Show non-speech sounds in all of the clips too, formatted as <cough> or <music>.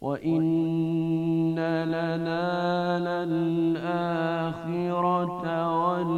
وإن لنا للآخرة والآخرة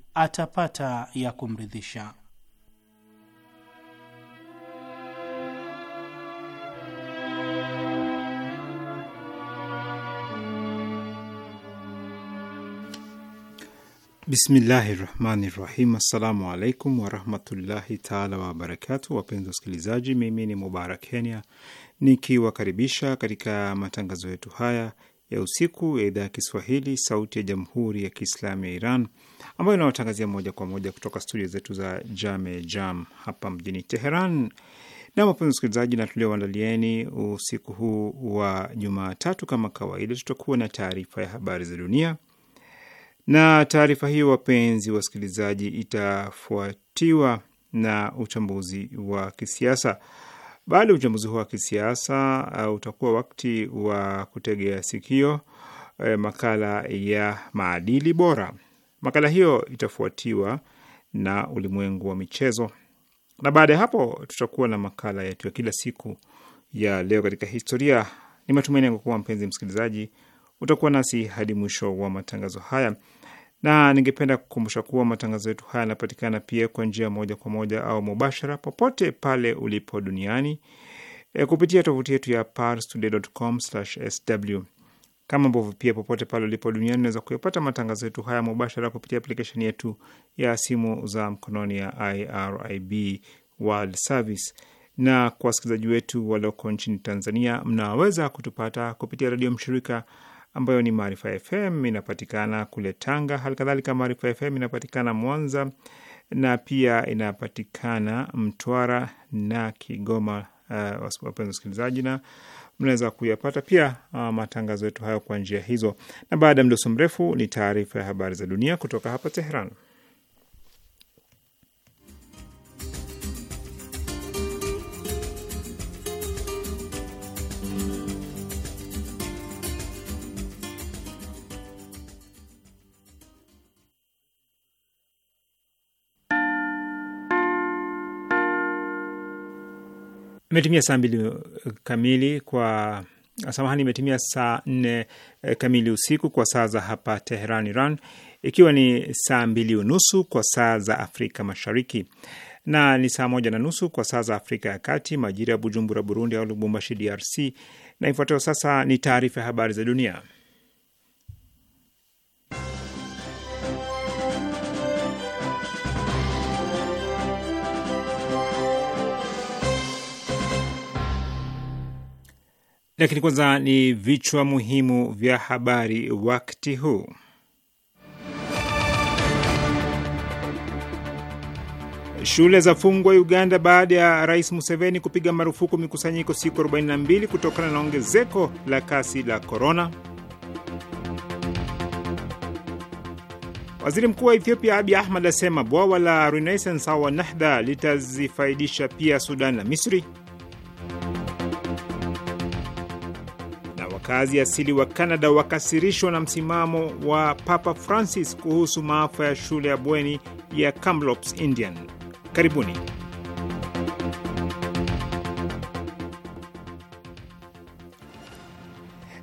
atapata ya kumridhisha. Bismillahi rahmani rahim. Assalamu alaikum warahmatullahi taala wabarakatu. Wapenzi wasikilizaji, mimi ni Mubarak Kenya nikiwakaribisha katika matangazo yetu haya ya usiku ya idhaa ya Kiswahili sauti ya jamhuri ya Kiislamu ya Iran ambayo inawatangazia moja kwa moja kutoka studio zetu za Jame Jam hapa mjini Teheran. Na wapenzi msikilizaji, na tulioandalieni usiku huu wa Jumatatu, kama kawaida, tutakuwa na taarifa ya habari za dunia, na taarifa hiyo, wapenzi wasikilizaji, itafuatiwa na uchambuzi wa kisiasa. Baada ya uchambuzi huu wa kisiasa uh, utakuwa wakati wa kutegea sikio uh, makala ya maadili bora. Makala hiyo itafuatiwa na ulimwengu wa michezo, na baada ya hapo tutakuwa na makala yetu ya kila siku ya leo katika historia. Ni matumaini yangu kuwa mpenzi msikilizaji utakuwa nasi hadi mwisho wa matangazo haya na ningependa kukumbusha kuwa matangazo yetu haya yanapatikana pia kwa njia moja kwa moja au mubashara popote pale ulipo duniani e, kupitia tovuti yetu ya parstoday.com/sw kama ambavyo pia popote pale ulipo duniani unaweza kuyapata matangazo yetu haya mubashara kupitia aplikesheni yetu ya simu za mkononi ya IRIB World Service na kwa wasikilizaji wetu walioko nchini Tanzania, mnaweza kutupata kupitia redio mshirika ambayo ni Maarifa FM inapatikana kule Tanga. hali kadhalika Maarifa FM inapatikana Mwanza na pia inapatikana Mtwara na Kigoma. Uh, wapenzi wasikilizaji, na mnaweza kuyapata pia uh, matangazo yetu hayo kwa njia hizo. Na baada ya mdoso mrefu ni taarifa ya habari za dunia kutoka hapa Teheran. Imetimia saa mbili eh, kamili kwa eh, samahani, imetimia saa nne eh, kamili usiku kwa saa za hapa Teheran, Iran, ikiwa ni saa mbili unusu kwa saa za Afrika Mashariki na ni saa moja na nusu kwa saa za Afrika ya Kati, majira ya Bujumbura, Burundi, au Lubumbashi, DRC. Na ifuatayo sasa ni taarifa ya habari za dunia. Lakini kwanza ni vichwa muhimu vya habari wakati huu. Shule za fungwa Uganda baada ya Rais Museveni kupiga marufuku mikusanyiko siku 42 kutokana na ongezeko la kasi la korona. Waziri Mkuu wa Ethiopia abi ahmad asema bwawa la Renaissance au Nahda litazifaidisha pia Sudan na Misri. Wakazi asili wa Kanada wakasirishwa na msimamo wa Papa Francis kuhusu maafa ya shule ya bweni ya Kamloops Indian. Karibuni.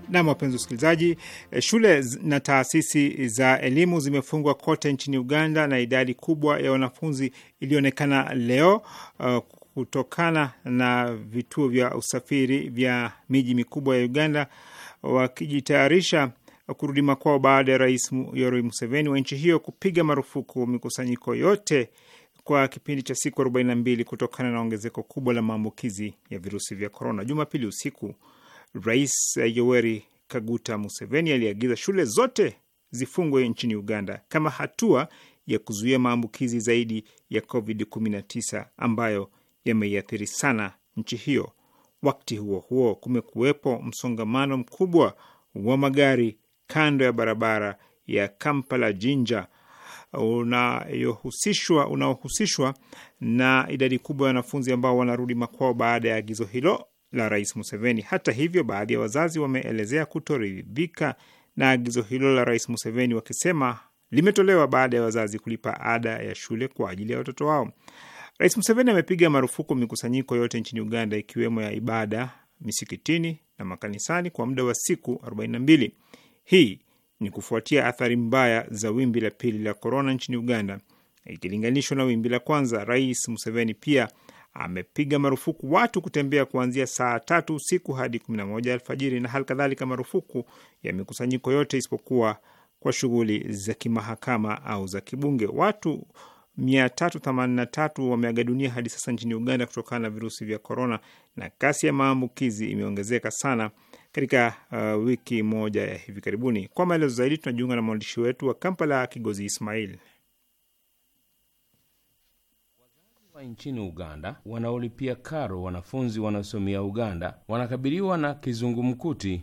Nam, wapenzi wasikilizaji, shule na taasisi za elimu zimefungwa kote nchini Uganda na idadi kubwa ya wanafunzi ilionekana leo uh, kutokana na vituo vya usafiri vya miji mikubwa ya Uganda wakijitayarisha kurudi makwao baada ya Rais Yoweri Museveni wa nchi hiyo kupiga marufuku mikusanyiko yote kwa kipindi cha siku 42 kutokana na ongezeko kubwa la maambukizi ya virusi vya korona. Jumapili usiku, Rais Yoweri Kaguta Museveni aliagiza shule zote zifungwe nchini Uganda kama hatua ya kuzuia maambukizi zaidi ya COVID-19 ambayo yameiathiri sana nchi hiyo. Wakati huo huo, kumekuwepo msongamano mkubwa wa magari kando ya barabara ya Kampala Jinja unayohusishwa unaohusishwa na idadi kubwa ya wanafunzi ambao wanarudi makwao baada ya agizo hilo la Rais Museveni. Hata hivyo, baadhi ya wazazi wameelezea kutoridhika na agizo hilo la Rais Museveni wakisema limetolewa baada ya wazazi kulipa ada ya shule kwa ajili ya watoto wao. Rais Museveni amepiga marufuku mikusanyiko yote nchini Uganda, ikiwemo ya ibada misikitini na makanisani kwa muda wa siku 42. Hii ni kufuatia athari mbaya za wimbi la pili la korona nchini Uganda ikilinganishwa na wimbi la kwanza. Rais Museveni pia amepiga marufuku watu kutembea kuanzia saa tatu usiku hadi 11 alfajiri na hali kadhalika marufuku ya mikusanyiko yote isipokuwa kwa shughuli za kimahakama au za kibunge. Watu 383 wameaga dunia hadi sasa nchini Uganda kutokana na virusi vya korona, na kasi ya maambukizi imeongezeka sana katika uh, wiki moja ya hivi karibuni. Kwa maelezo zaidi tunajiunga na mwandishi wetu wa Kampala, Kigozi Ismail. Nchini Uganda wanaolipia karo wanafunzi wanaosomea Uganda wanakabiliwa na kizungumkuti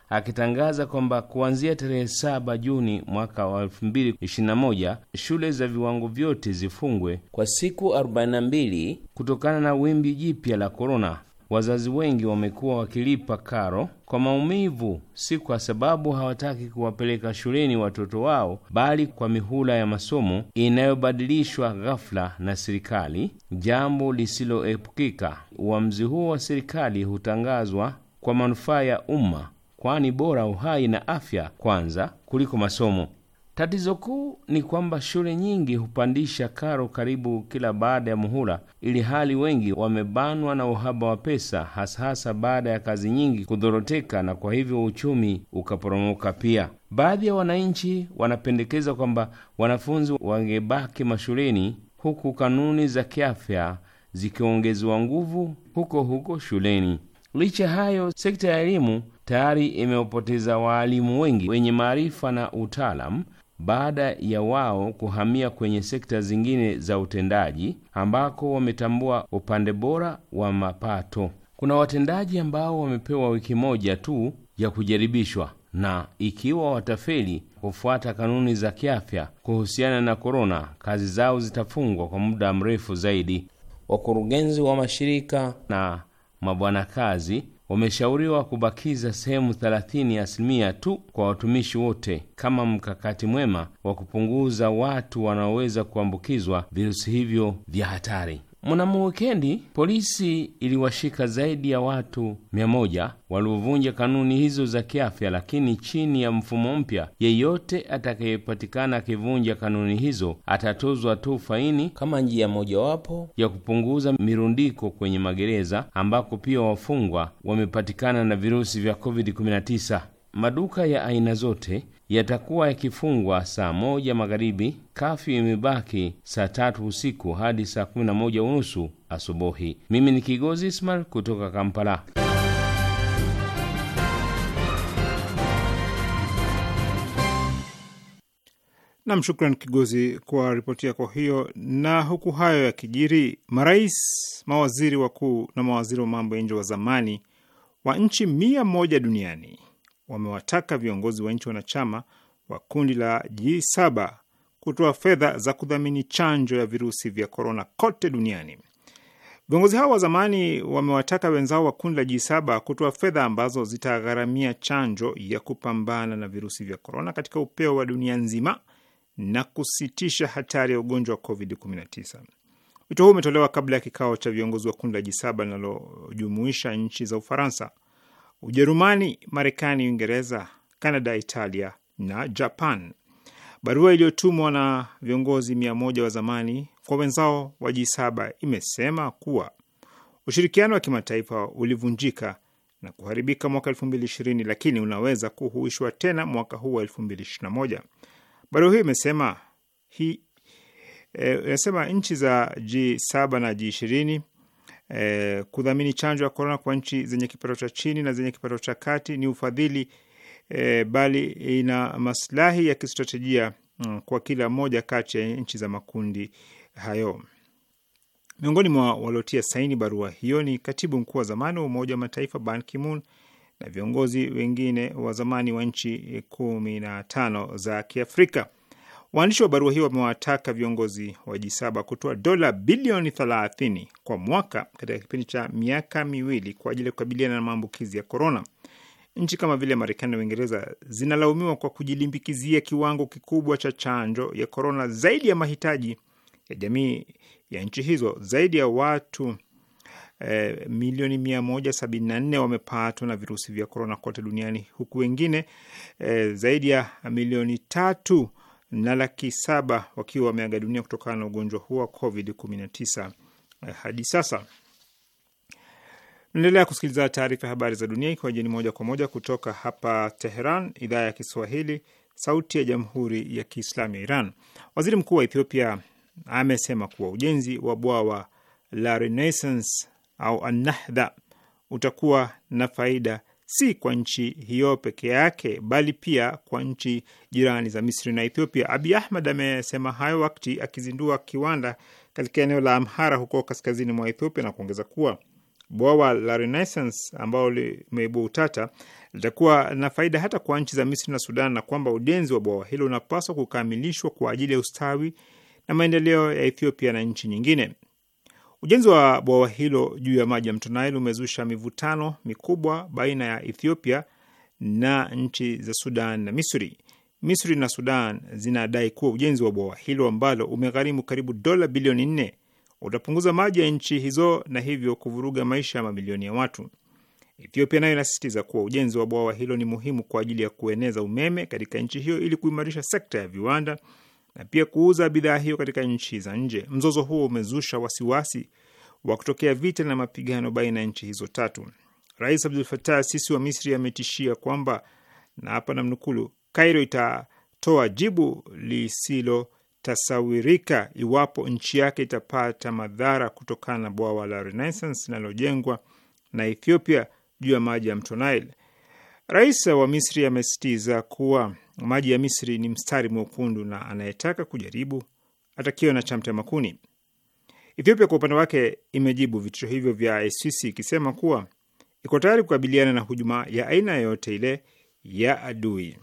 akitangaza kwamba kuanzia tarehe saba Juni mwaka wa 2021 shule za viwango vyote zifungwe kwa siku 42 kutokana na wimbi jipya la korona. Wazazi wengi wamekuwa wakilipa karo kwa maumivu, si kwa sababu hawataki kuwapeleka shuleni watoto wao, bali kwa mihula ya masomo inayobadilishwa ghafla na serikali, jambo lisiloepukika. Uamuzi huo wa serikali hutangazwa kwa manufaa ya umma kwani bora uhai na afya kwanza kuliko masomo. Tatizo kuu ni kwamba shule nyingi hupandisha karo karibu kila baada ya muhula, ili hali wengi wamebanwa na uhaba wa pesa, hasahasa baada ya kazi nyingi kudhoroteka, na kwa hivyo uchumi ukaporomoka pia. Baadhi ya wananchi wanapendekeza kwamba wanafunzi wangebaki mashuleni, huku kanuni za kiafya zikiongezewa nguvu huko huko shuleni. Licha hayo, sekta ya elimu tayari imewapoteza waalimu wengi wenye maarifa na utaalamu baada ya wao kuhamia kwenye sekta zingine za utendaji ambako wametambua upande bora wa mapato. Kuna watendaji ambao wamepewa wiki moja tu ya kujaribishwa, na ikiwa watafeli kufuata kanuni za kiafya kuhusiana na korona, kazi zao zitafungwa kwa muda mrefu zaidi. Wakurugenzi wa mashirika na mabwana kazi wameshauriwa kubakiza sehemu 30 ya asilimia tu kwa watumishi wote kama mkakati mwema wa kupunguza watu wanaoweza kuambukizwa virusi hivyo vya hatari. Mnamo wikendi polisi iliwashika zaidi ya watu mia waliovunja kanuni hizo za kiafya, lakini chini ya mfumo mpya, yeyote atakayepatikana akivunja kanuni hizo atatozwa tu faini kama njia mojawapo ya kupunguza mirundiko kwenye magereza ambako pia wafungwa wamepatikana na virusi vya COVID-19. Maduka ya aina zote yatakuwa yakifungwa saa moja magharibi. Kafyu imebaki saa tatu usiku hadi saa kumi na moja unusu asubuhi. Mimi ni Kigozi Ismail kutoka Kampala. Nam, shukran Kigozi kwa ripoti yako hiyo. Na huku hayo ya kijiri, marais, mawaziri wakuu na mawaziri wa mambo ya nje wa zamani wa nchi mia moja duniani wamewataka viongozi wa nchi wanachama wa kundi la G7 kutoa fedha za kudhamini chanjo ya virusi vya korona kote duniani. Viongozi hao wa zamani wamewataka wenzao wa kundi la G7 kutoa fedha ambazo zitagharamia chanjo ya kupambana na virusi vya korona katika upeo wa dunia nzima na kusitisha hatari ya ugonjwa wa COVID-19. Wito huu umetolewa kabla ya kikao cha viongozi wa kundi la G7 linalojumuisha nchi za Ufaransa, Ujerumani, Marekani, Uingereza, Kanada, Italia na Japan. Barua iliyotumwa na viongozi mia moja wa zamani kwa wenzao wa G7 imesema kuwa ushirikiano wa kimataifa ulivunjika na kuharibika mwaka 2020 lakini unaweza kuhuishwa tena mwaka huu wa 2021. Barua hiyo imesema eh, inasema e, nchi za G7 na G20 eh, kudhamini chanjo ya korona kwa nchi zenye kipato cha chini na zenye kipato cha kati ni ufadhili eh, bali ina maslahi ya kistratejia mm, kwa kila moja kati ya nchi za makundi hayo. Miongoni mwa waliotia saini barua hiyo ni katibu mkuu wa zamani wa Umoja wa Mataifa Ban Ki-moon na viongozi wengine wa zamani wa nchi kumi na tano za Kiafrika. Waandishi wa barua hiyo wamewataka viongozi wa G7 kutoa dola bilioni 30 kwa mwaka katika kipindi cha miaka miwili kwa ajili ya kukabiliana na maambukizi ya korona. Nchi kama vile Marekani na Uingereza zinalaumiwa kwa kujilimbikizia kiwango kikubwa cha chanjo ya korona zaidi ya mahitaji ya jamii ya nchi hizo. Zaidi ya watu eh, milioni 174 wamepatwa na virusi vya korona kote duniani huku wengine eh, zaidi ya milioni tatu na laki saba wakiwa wameaga dunia kutokana na ugonjwa huo wa COVID-19 eh, hadi sasa. Naendelea kusikiliza taarifa ya habari za dunia ikiwa jeni moja kwa moja kutoka hapa Teheran, idhaa ya Kiswahili, sauti ya jamhuri ya kiislamu ya Iran. Waziri mkuu wa Ethiopia amesema kuwa ujenzi wa bwawa la Renaissance au Anahdha utakuwa na faida si kwa nchi hiyo peke yake, bali pia kwa nchi jirani za Misri na Ethiopia. Abi Ahmed amesema hayo wakati akizindua kiwanda katika eneo la Amhara huko kaskazini mwa Ethiopia na kuongeza kuwa bwawa la Renaissance ambao limeibua utata litakuwa na faida hata kwa nchi za Misri na Sudan, na kwamba ujenzi wa bwawa hilo unapaswa kukamilishwa kwa ajili ya ustawi na maendeleo ya Ethiopia na nchi nyingine. Ujenzi wa bwawa hilo juu ya maji ya mto Nile umezusha mivutano mikubwa baina ya Ethiopia na nchi za Sudan na Misri. Misri na Sudan zinadai kuwa ujenzi wa bwawa hilo ambalo umegharimu karibu dola bilioni nne utapunguza maji ya nchi hizo na hivyo kuvuruga maisha ya mamilioni ya watu. Ethiopia nayo inasisitiza kuwa ujenzi wa bwawa hilo ni muhimu kwa ajili ya kueneza umeme katika nchi hiyo ili kuimarisha sekta ya viwanda na pia kuuza bidhaa hiyo katika nchi za nje. Mzozo huo umezusha wasiwasi wa kutokea vita na mapigano baina ya nchi hizo tatu. Rais Abdul Fatah Sisi wa Misri ametishia kwamba, na hapa namnukulu, Kairo itatoa jibu lisilotasawirika iwapo nchi yake itapata madhara kutokana na bwawa la Renaissance linalojengwa na Ethiopia juu ya maji ya mto Nile. Rais wa Misri amesisitiza kuwa maji ya Misri ni mstari mwekundu na anayetaka kujaribu atakiwa na chamta makuni. Ethiopia kwa upande wake imejibu vitisho hivyo vya Sisi ikisema kuwa iko tayari kukabiliana na hujuma ya aina yoyote ile ya adui.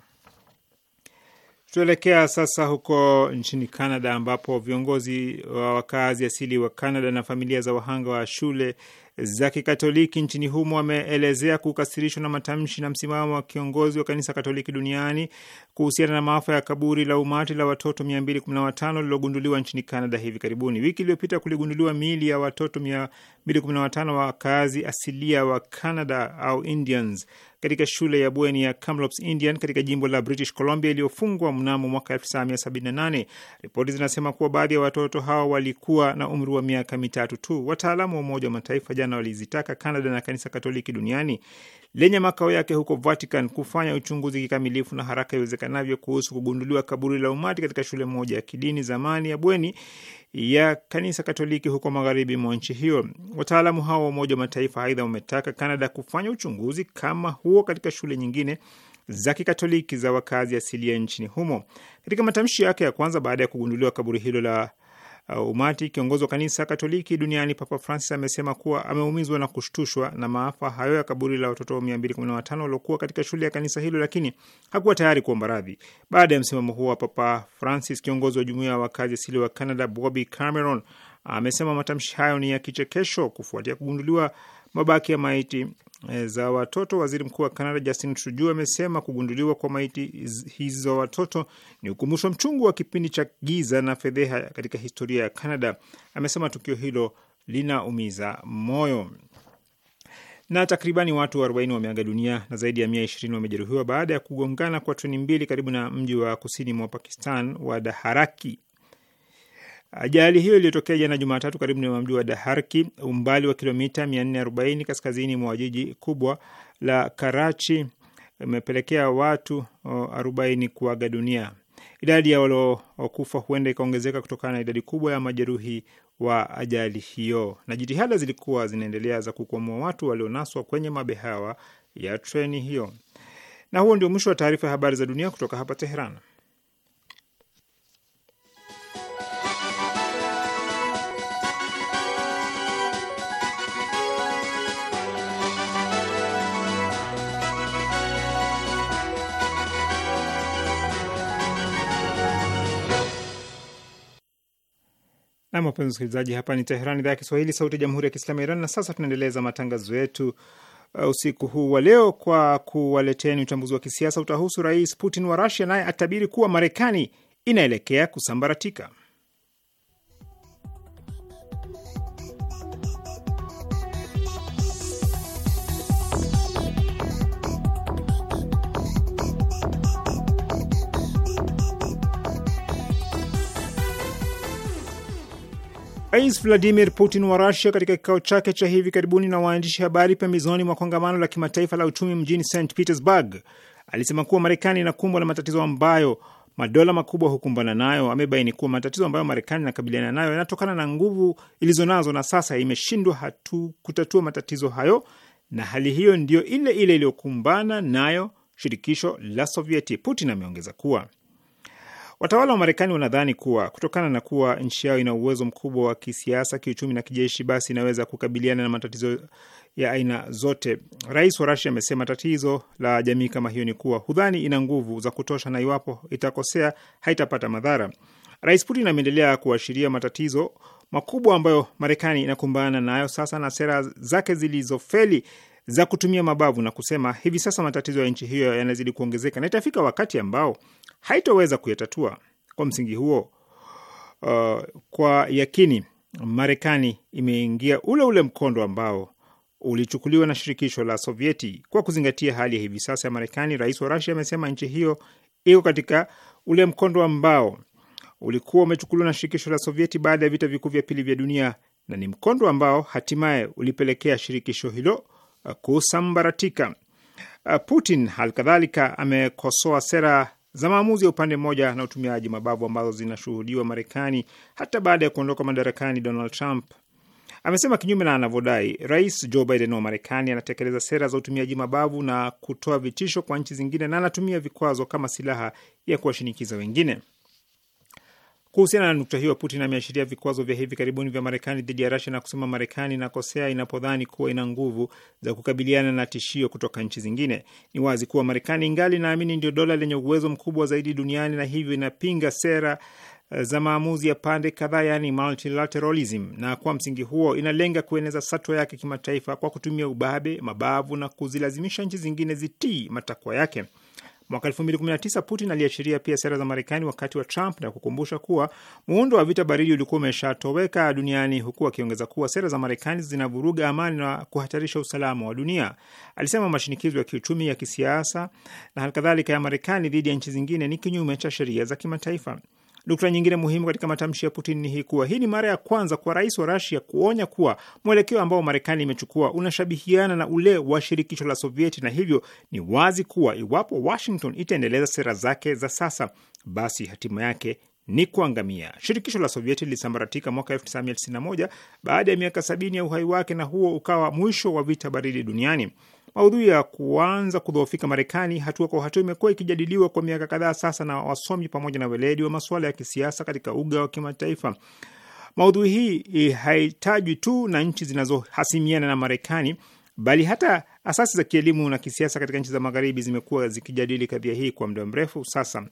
Tutaelekea sasa huko nchini Canada ambapo viongozi wa wakazi asili wa Canada na familia za wahanga wa shule za Kikatoliki nchini humo wameelezea kukasirishwa na matamshi na msimamo wa kiongozi wa kanisa Katoliki duniani kuhusiana na maafa ya kaburi la umati la watoto 215 lililogunduliwa nchini Canada hivi karibuni. Wiki iliyopita kuligunduliwa miili ya watoto 215 wa wakazi asilia wa Canada au Indians katika shule ya bweni ya Kamloops Indian katika jimbo la British Columbia iliyofungwa mnamo mwaka 1978. Ripoti zinasema kuwa baadhi ya watoto hawa walikuwa na umri wa miaka mitatu tu. Wataalamu wa Umoja wa Mataifa jana walizitaka canada na Kanisa Katoliki duniani lenye makao yake huko Vatican kufanya uchunguzi kikamilifu na haraka iwezekanavyo kuhusu kugunduliwa kaburi la umati katika shule moja ya kidini zamani ya bweni ya kanisa Katoliki huko magharibi mwa nchi hiyo. Wataalamu hao wa Umoja wa Mataifa aidha wametaka Kanada kufanya uchunguzi kama huo katika shule nyingine za Kikatoliki za wakazi asilia nchini humo. Katika matamshi yake ya kwanza baada ya kugunduliwa kaburi hilo la Uh, umati kiongozi wa kanisa Katoliki duniani Papa Francis amesema kuwa ameumizwa na kushtushwa na maafa hayo ya kaburi la watoto 215 waliokuwa katika shule ya kanisa hilo, lakini hakuwa tayari kuomba radhi. Baada ya msimamo huo wa Papa Francis, kiongozi wa jumuiya ya wakazi asili wa Canada Bobby Cameron amesema matamshi hayo ni ya kichekesho kufuatia kugunduliwa mabaki ya maiti E, za watoto, waziri mkuu wa Kanada Justin Trudeau amesema kugunduliwa kwa maiti hizi za watoto ni ukumbusho mchungu wa kipindi cha giza na fedheha katika historia ya Kanada. Amesema tukio hilo linaumiza moyo. Na takribani watu 40 wameaga dunia na zaidi ya 120 wamejeruhiwa baada ya kugongana kwa treni mbili karibu na mji wa kusini mwa Pakistan wa Daharaki. Ajali hiyo iliyotokea jana Jumatatu karibu na mji wa Daharki, umbali wa kilomita 440 kaskazini mwa jiji kubwa la Karachi, imepelekea watu 40 kuaga dunia. Idadi ya waliokufa huenda ikaongezeka kutokana na idadi kubwa ya majeruhi wa ajali hiyo. Na jitihada zilikuwa zinaendelea za kukwamua watu walionaswa kwenye mabehawa ya treni hiyo. Na huo ndio mwisho wa taarifa ya habari za dunia kutoka hapa Teheran. Na wapenzi msikilizaji, hapa ni Teheran, idhaa ya Kiswahili, sauti ya jamhuri ya kiislamu ya Iran. Na sasa tunaendeleza matangazo yetu uh, usiku huu wa leo kwa kuwaleteni uchambuzi wa kisiasa. Utahusu Rais Putin wa Rusia, naye atabiri kuwa Marekani inaelekea kusambaratika. Rais Vladimir Putin wa Rusia katika kikao chake cha hivi karibuni na waandishi habari pembezoni mwa kongamano la kimataifa la uchumi mjini St Petersburg alisema kuwa Marekani inakumbwa na matatizo ambayo madola makubwa hukumbana nayo. Amebaini kuwa matatizo ambayo Marekani inakabiliana nayo yanatokana na nguvu ilizonazo na sasa imeshindwa hatu kutatua matatizo hayo, na hali hiyo ndiyo ile ile iliyokumbana nayo shirikisho la Sovieti. Putin ameongeza kuwa Watawala wa Marekani wanadhani kuwa kutokana na kuwa nchi yao ina uwezo mkubwa wa kisiasa, kiuchumi na kijeshi, basi inaweza kukabiliana na matatizo ya aina zote. Rais wa Rasia amesema tatizo la jamii kama hiyo ni kuwa hudhani ina nguvu za kutosha, na iwapo itakosea haitapata madhara. Rais Putin ameendelea kuashiria matatizo makubwa ambayo Marekani inakumbana nayo sasa na sera zake zilizofeli za kutumia mabavu na kusema hivi sasa matatizo ya nchi hiyo yanazidi kuongezeka na itafika wakati ambao haitoweza kuyatatua. Kwa msingi huo, uh, kwa yakini Marekani imeingia ule ule mkondo ambao ulichukuliwa na shirikisho la Sovieti. Kwa kuzingatia hali ya hivi sasa ya Marekani, rais wa Rusia amesema nchi hiyo iko katika ule mkondo ambao ulikuwa umechukuliwa na shirikisho la Sovieti baada ya vita vikuu vya pili vya dunia, na ni mkondo ambao hatimaye ulipelekea shirikisho hilo kusambaratika. Uh, Putin halikadhalika amekosoa sera za maamuzi ya upande mmoja na utumiaji mabavu ambazo zinashuhudiwa Marekani hata baada ya kuondoka madarakani Donald Trump. Amesema kinyume na anavyodai, Rais Joe Biden wa Marekani anatekeleza sera za utumiaji mabavu na kutoa vitisho kwa nchi zingine na anatumia vikwazo kama silaha ya kuwashinikiza wengine. Kuhusiana na nukta hiyo, Putin ameashiria vikwazo vya hivi karibuni vya Marekani dhidi ya Rasia na kusema Marekani inakosea inapodhani kuwa ina nguvu za kukabiliana na tishio kutoka nchi zingine. Ni wazi kuwa Marekani ingali naamini ndio dola lenye uwezo mkubwa zaidi duniani na hivyo inapinga sera eh, za maamuzi ya pande kadhaa, yani multilateralism, na kwa msingi huo inalenga kueneza satwa yake kimataifa kwa kutumia ubabe, mabavu na kuzilazimisha nchi zingine zitii matakwa yake. Mwaka 2019 Putin aliashiria pia sera za Marekani wakati wa Trump na kukumbusha kuwa muundo wa vita baridi ulikuwa umeshatoweka duniani, huku akiongeza kuwa sera za Marekani zinavuruga amani na kuhatarisha usalama wa dunia. Alisema mashinikizo ya kiuchumi, ya kisiasa na halikadhalika ya Marekani dhidi ya nchi zingine ni kinyume cha sheria za kimataifa. Nukta nyingine muhimu katika matamshi ya Putin ni hii kuwa hii ni mara ya kwanza kwa rais wa Rasia kuonya kuwa mwelekeo ambao Marekani imechukua unashabihiana na ule wa shirikisho la Sovieti, na hivyo ni wazi kuwa iwapo Washington itaendeleza sera zake za sasa, basi hatima yake ni kuangamia. Shirikisho la Sovieti lilisambaratika mwaka 1991 baada ya miaka sabini ya uhai wake, na huo ukawa mwisho wa vita baridi duniani. Maudhui ya kuanza kudhoofika Marekani hatua kwa hatua imekuwa ikijadiliwa kwa miaka kadhaa sasa na wasomi pamoja na weledi wa masuala ya kisiasa katika uga wa kimataifa. Maudhui hii haitajwi tu na nchi zinazohasimiana na Marekani, bali hata asasi za kielimu na kisiasa katika nchi za Magharibi zimekuwa zikijadili kadhia hii kwa muda mrefu sasa.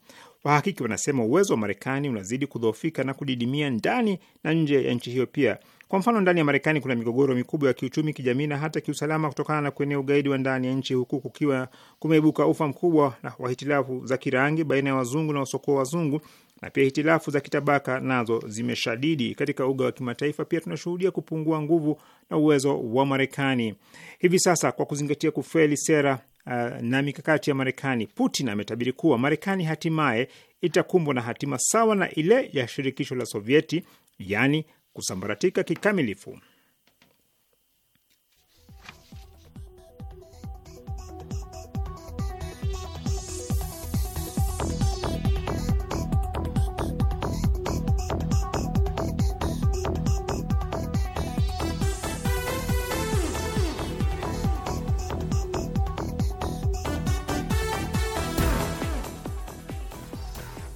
Wahakiki wanasema uwezo wa Marekani unazidi kudhoofika na kudidimia ndani na nje ya nchi hiyo pia kwa mfano, ndani ya Marekani kuna migogoro mikubwa ya kiuchumi, kijamii na hata kiusalama kutokana na kuenea ugaidi wa ndani ya nchi, huku kukiwa kumeibuka ufa mkubwa wa hitilafu za kirangi baina ya wazungu na wasokoa wazungu, na pia hitilafu za kitabaka nazo zimeshadidi. Katika uga wa kimataifa pia tunashuhudia kupungua nguvu na uwezo wa Marekani hivi sasa kwa kuzingatia kufeli sera uh, na mikakati ya Marekani. Putin ametabiri kuwa Marekani hatimaye itakumbwa na hatima sawa na ile ya shirikisho la Sovieti, yani kusambaratika kikamilifu.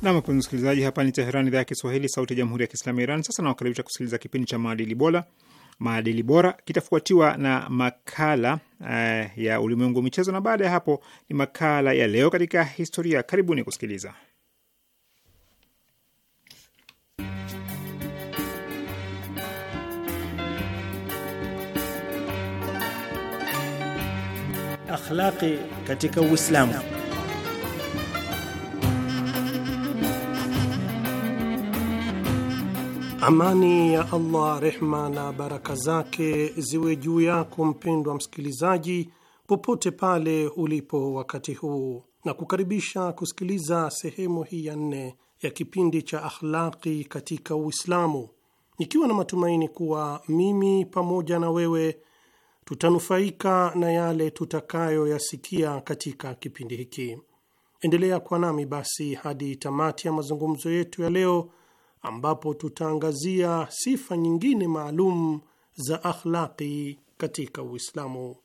Nam, wapenzi msikilizaji, hapa ni Teheran, idhaa ya Kiswahili, sauti ya jamhuri ya kiislamu ya Iran. Sasa nawakaribisha kusikiliza kipindi cha maadili bora, maadili bora kitafuatiwa na makala uh, ya ulimwengu wa michezo, na baada ya hapo ni makala ya leo katika historia. Karibuni kusikiliza akhlaqi katika Uislamu. Amani ya Allah, rehma na baraka zake ziwe juu yako mpendwa msikilizaji, popote pale ulipo wakati huu, na kukaribisha kusikiliza sehemu hii ya nne ya kipindi cha Akhlaqi katika Uislamu, nikiwa na matumaini kuwa mimi pamoja na wewe tutanufaika na yale tutakayoyasikia katika kipindi hiki. Endelea kuwa nami basi hadi tamati ya mazungumzo yetu ya leo ambapo tutaangazia sifa nyingine maalum za akhlaqi katika Uislamu.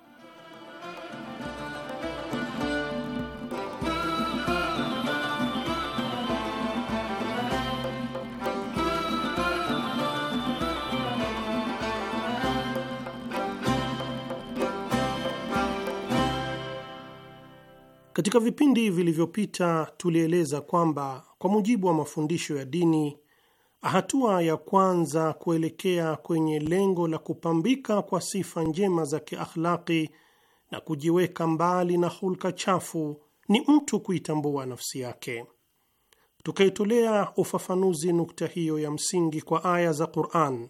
Katika vipindi vilivyopita tulieleza kwamba kwa mujibu wa mafundisho ya dini Hatua ya kwanza kuelekea kwenye lengo la kupambika kwa sifa njema za kiakhlaki na kujiweka mbali na hulka chafu ni mtu kuitambua nafsi yake. Tukaitolea ufafanuzi nukta hiyo ya msingi kwa aya za Qur'an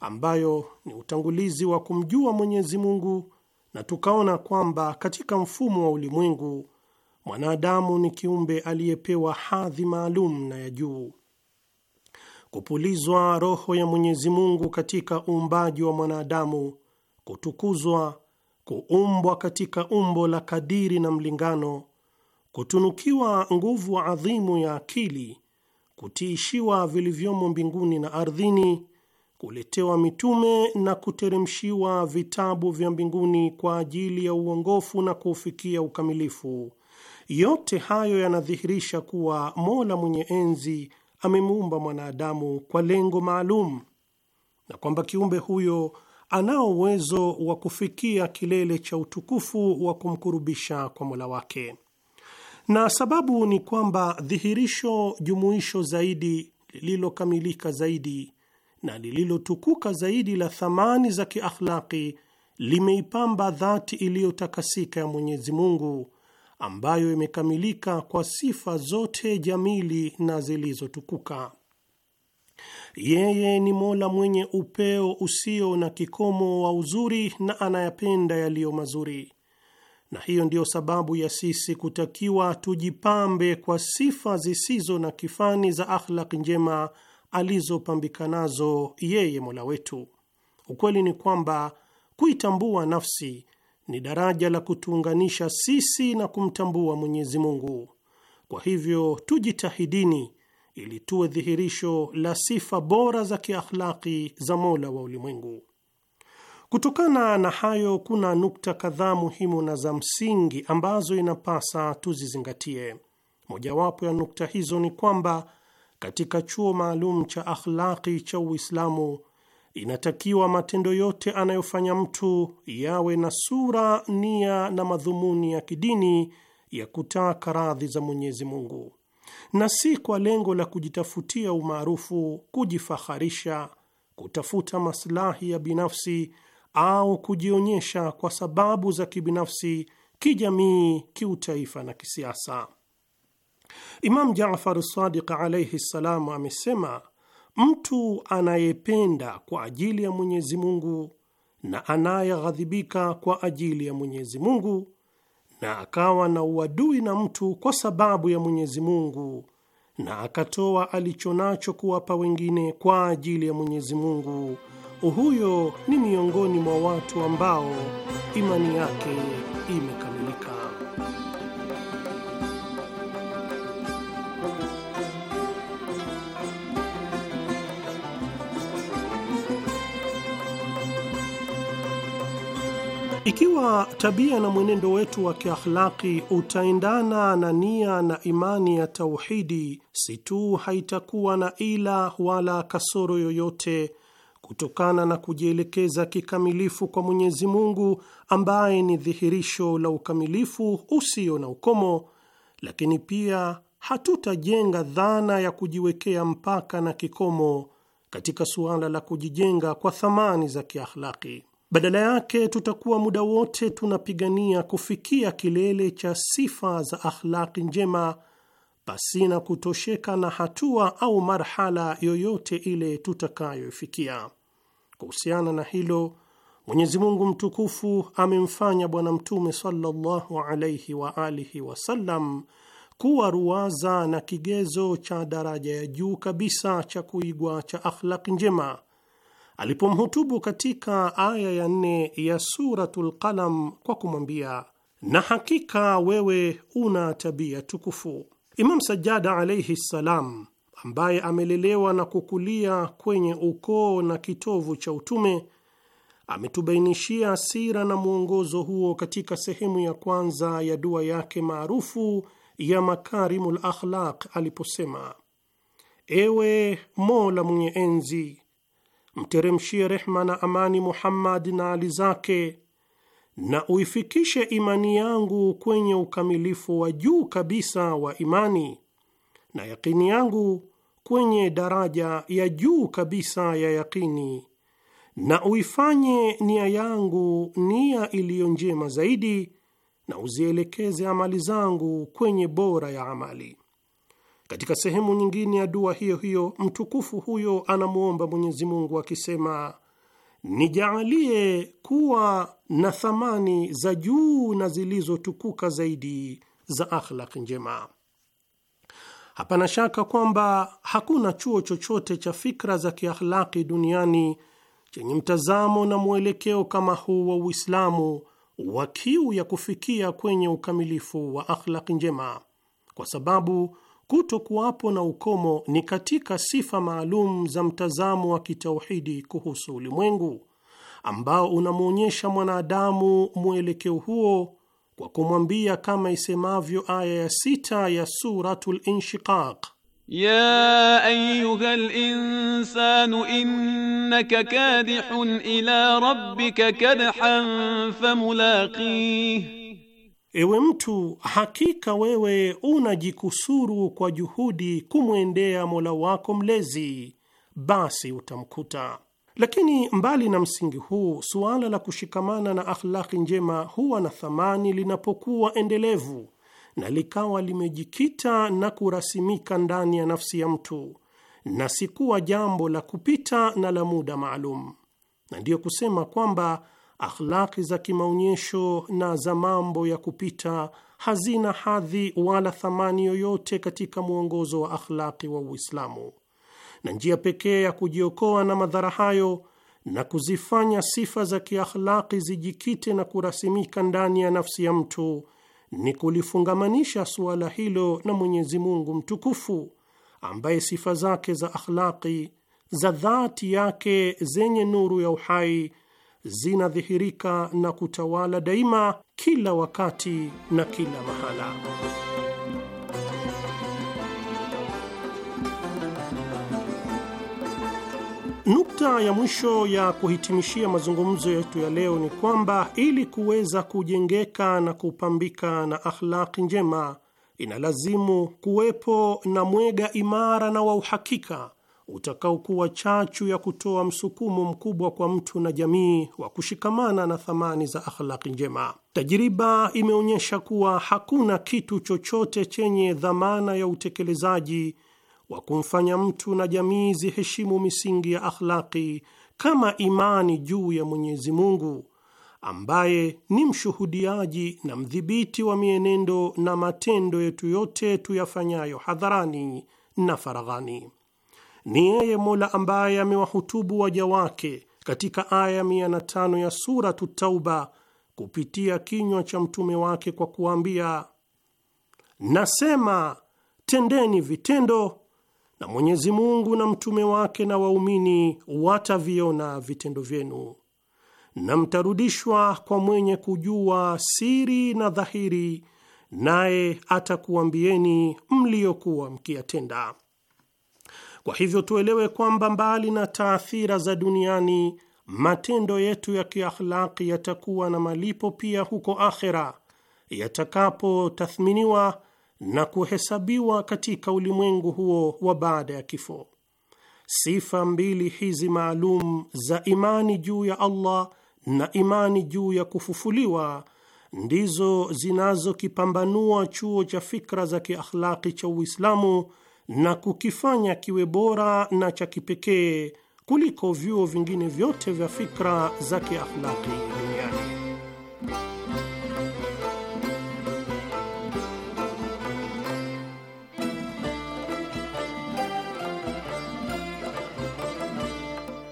ambayo ni utangulizi wa kumjua Mwenyezi Mungu, na tukaona kwamba katika mfumo wa ulimwengu mwanadamu ni kiumbe aliyepewa hadhi maalum na ya juu kupulizwa roho ya Mwenyezi Mungu katika uumbaji wa mwanadamu, kutukuzwa, kuumbwa katika umbo la kadiri na mlingano, kutunukiwa nguvu adhimu ya akili, kutiishiwa vilivyomo mbinguni na ardhini, kuletewa mitume na kuteremshiwa vitabu vya mbinguni kwa ajili ya uongofu na kuufikia ukamilifu. Yote hayo yanadhihirisha kuwa Mola mwenye enzi amemuumba mwanadamu kwa lengo maalum na kwamba kiumbe huyo anao uwezo wa kufikia kilele cha utukufu wa kumkurubisha kwa Mola wake. Na sababu ni kwamba dhihirisho jumuisho zaidi lililokamilika zaidi na lililotukuka zaidi la thamani za kiakhlaki limeipamba dhati iliyotakasika ya Mwenyezi Mungu ambayo imekamilika kwa sifa zote jamili na zilizotukuka. Yeye ni Mola mwenye upeo usio na kikomo wa uzuri na anayapenda yaliyo mazuri, na hiyo ndiyo sababu ya sisi kutakiwa tujipambe kwa sifa zisizo na kifani za akhlaq njema alizopambikanazo yeye Mola wetu. Ukweli ni kwamba kuitambua nafsi ni daraja la kutuunganisha sisi na kumtambua Mwenyezi Mungu. Kwa hivyo tujitahidini ili tuwe dhihirisho la sifa bora za kiakhlaki za Mola wa ulimwengu. Kutokana na hayo, kuna nukta kadhaa muhimu na za msingi ambazo inapasa tuzizingatie. Mojawapo ya nukta hizo ni kwamba katika chuo maalum cha akhlaki cha Uislamu inatakiwa matendo yote anayofanya mtu yawe na sura, nia na madhumuni ya kidini ya kutaka radhi za Mwenyezi Mungu, na si kwa lengo la kujitafutia umaarufu, kujifaharisha, kutafuta maslahi ya binafsi au kujionyesha kwa sababu za kibinafsi, kijamii, kiutaifa na kisiasa. Imam Jafar Sadiq alaihi ssalam amesema Mtu anayependa kwa ajili ya Mwenyezi Mungu na anayeghadhibika kwa ajili ya Mwenyezi Mungu na akawa na uadui na mtu kwa sababu ya Mwenyezi Mungu na akatoa alichonacho kuwapa wengine kwa ajili ya Mwenyezi Mungu, huyo ni miongoni mwa watu ambao imani yake imeka Ikiwa tabia na mwenendo wetu wa kiakhlaki utaendana na nia na imani ya tauhidi, si tu haitakuwa na ila wala kasoro yoyote kutokana na kujielekeza kikamilifu kwa Mwenyezi Mungu ambaye ni dhihirisho la ukamilifu usio na ukomo, lakini pia hatutajenga dhana ya kujiwekea mpaka na kikomo katika suala la kujijenga kwa thamani za kiakhlaki. Badala yake tutakuwa muda wote tunapigania kufikia kilele cha sifa za akhlaqi njema pasina kutosheka na hatua au marhala yoyote ile tutakayoifikia. Kuhusiana na hilo, Mwenyezi Mungu mtukufu amemfanya Bwana Mtume sallallahu alaihi wa alihi wasallam kuwa ruwaza na kigezo cha daraja ya juu kabisa cha kuigwa cha akhlaqi njema alipomhutubu katika aya ya nne ya Suratul Qalam kwa kumwambia, na hakika wewe una tabia tukufu. Imam sajada alaihi ssalam, ambaye amelelewa na kukulia kwenye ukoo na kitovu cha utume, ametubainishia sira na mwongozo huo katika sehemu ya kwanza ya dua yake maarufu ya Makarimul Akhlaq aliposema: ewe Mola mwenye enzi mteremshie rehma na amani Muhammad na ali zake, na uifikishe imani yangu kwenye ukamilifu wa juu kabisa wa imani na yakini yangu kwenye daraja ya juu kabisa ya yakini, na uifanye nia yangu nia iliyo njema zaidi, na uzielekeze amali zangu kwenye bora ya amali. Katika sehemu nyingine ya dua hiyo hiyo mtukufu huyo anamwomba Mwenyezi Mungu akisema, nijaalie kuwa na thamani za juu na zilizotukuka zaidi za akhlaq njema. Hapana shaka kwamba hakuna chuo chochote cha fikra za kiakhlaqi duniani chenye mtazamo na mwelekeo kama huu wa Uislamu wa kiu ya kufikia kwenye ukamilifu wa akhlaki njema, kwa sababu kuto kuwapo na ukomo ni katika sifa maalum za mtazamo wa kitauhidi kuhusu ulimwengu ambao unamwonyesha mwanadamu mwelekeo huo kwa kumwambia kama isemavyo aya ya sita ya Suratul Inshiqaq, ya ayuha linsanu innaka kadihun ila rabbika kadhan famulaqih Ewe mtu, hakika wewe unajikusuru kwa juhudi kumwendea Mola wako mlezi, basi utamkuta. Lakini mbali na msingi huu, suala la kushikamana na akhlaki njema huwa na thamani linapokuwa endelevu na likawa limejikita na kurasimika ndani ya nafsi ya mtu na sikuwa jambo la kupita na la muda maalum, na ndiyo kusema kwamba akhlaki za kimaonyesho na za mambo ya kupita hazina hadhi wala thamani yoyote katika mwongozo wa akhlaki wa Uislamu, na njia pekee ya kujiokoa na madhara hayo na kuzifanya sifa za kiakhlaki zijikite na kurasimika ndani ya nafsi ya mtu ni kulifungamanisha suala hilo na Mwenyezi Mungu mtukufu ambaye sifa zake za akhlaki za dhati yake zenye nuru ya uhai zinadhihirika na kutawala daima kila wakati na kila mahala. Nukta ya mwisho ya kuhitimishia mazungumzo yetu ya leo ni kwamba ili kuweza kujengeka na kupambika na akhlaki njema inalazimu kuwepo na mwega imara na wa uhakika utakaokuwa chachu ya kutoa msukumo mkubwa kwa mtu na jamii wa kushikamana na thamani za akhlaki njema. Tajiriba imeonyesha kuwa hakuna kitu chochote chenye dhamana ya utekelezaji wa kumfanya mtu na jamii ziheshimu misingi ya akhlaki kama imani juu ya Mwenyezi Mungu ambaye ni mshuhudiaji na mdhibiti wa mienendo na matendo yetu yote tuyafanyayo hadharani na faraghani. Ni yeye Mola ambaye amewahutubu waja wake katika aya tano ya Suratu Tauba kupitia kinywa cha mtume wake kwa kuambia, nasema tendeni vitendo, na Mwenyezi Mungu na mtume wake na waumini wataviona vitendo vyenu, na mtarudishwa kwa mwenye kujua siri na dhahiri, naye atakuambieni mliokuwa mkiyatenda. Kwa hivyo tuelewe kwamba mbali na taathira za duniani, matendo yetu ya kiakhlaki yatakuwa na malipo pia huko akhera, yatakapotathminiwa na kuhesabiwa katika ulimwengu huo wa baada ya kifo. Sifa mbili hizi maalum za imani juu ya Allah na imani juu ya kufufuliwa ndizo zinazokipambanua chuo cha fikra za kiakhlaki cha Uislamu na kukifanya kiwe bora na cha kipekee kuliko vyuo vingine vyote vya fikra za kiakhlaki duniani.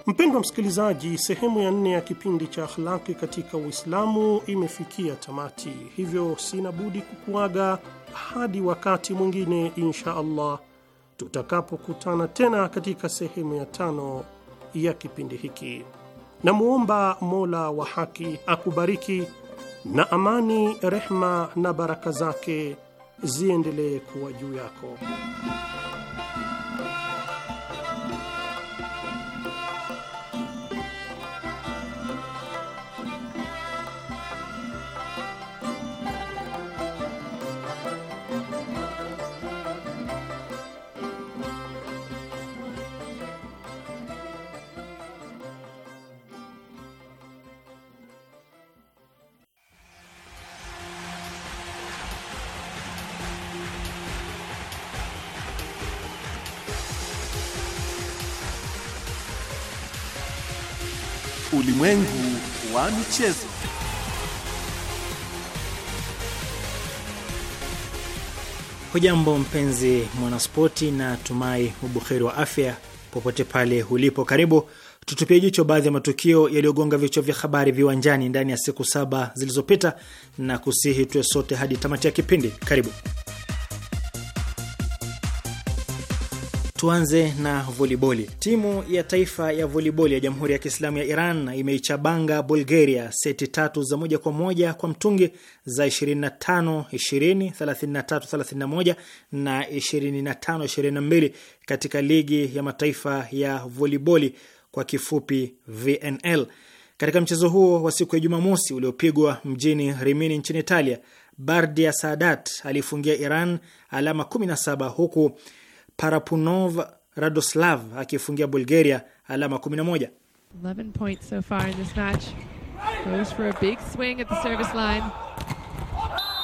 Mpendwa msikilizaji, sehemu ya nne ya kipindi cha akhlaki katika Uislamu imefikia tamati, hivyo sina budi kukuaga hadi wakati mwingine insha Allah tutakapokutana tena katika sehemu ya tano ya kipindi hiki. Namwomba Mola wa haki akubariki na amani, rehma na baraka zake ziendelee kuwa juu yako. michezo. Hujambo mpenzi mwanaspoti, na tumai ubuheri wa afya popote pale ulipo. Karibu tutupie jicho baadhi ya matukio yaliyogonga vichwa vya habari viwanjani ndani ya siku saba zilizopita, na kusihi tuwe sote hadi tamati ya kipindi. Karibu. Tuanze na voliboli. Timu ya taifa ya voliboli ya Jamhuri ya Kiislamu ya Iran imeichabanga Bulgaria seti tatu za moja kwa moja kwa mtungi za 25 20, 33 na 25 22 katika ligi ya mataifa ya voliboli kwa kifupi VNL. Katika mchezo huo wa siku ya Jumamosi uliopigwa mjini Rimini nchini Italia, Bardia Sadat aliifungia Iran alama 17 huku Parapunov Radoslav akifungia Bulgaria alama 11. 11 points so far in this match. Goes for a big swing at the service line.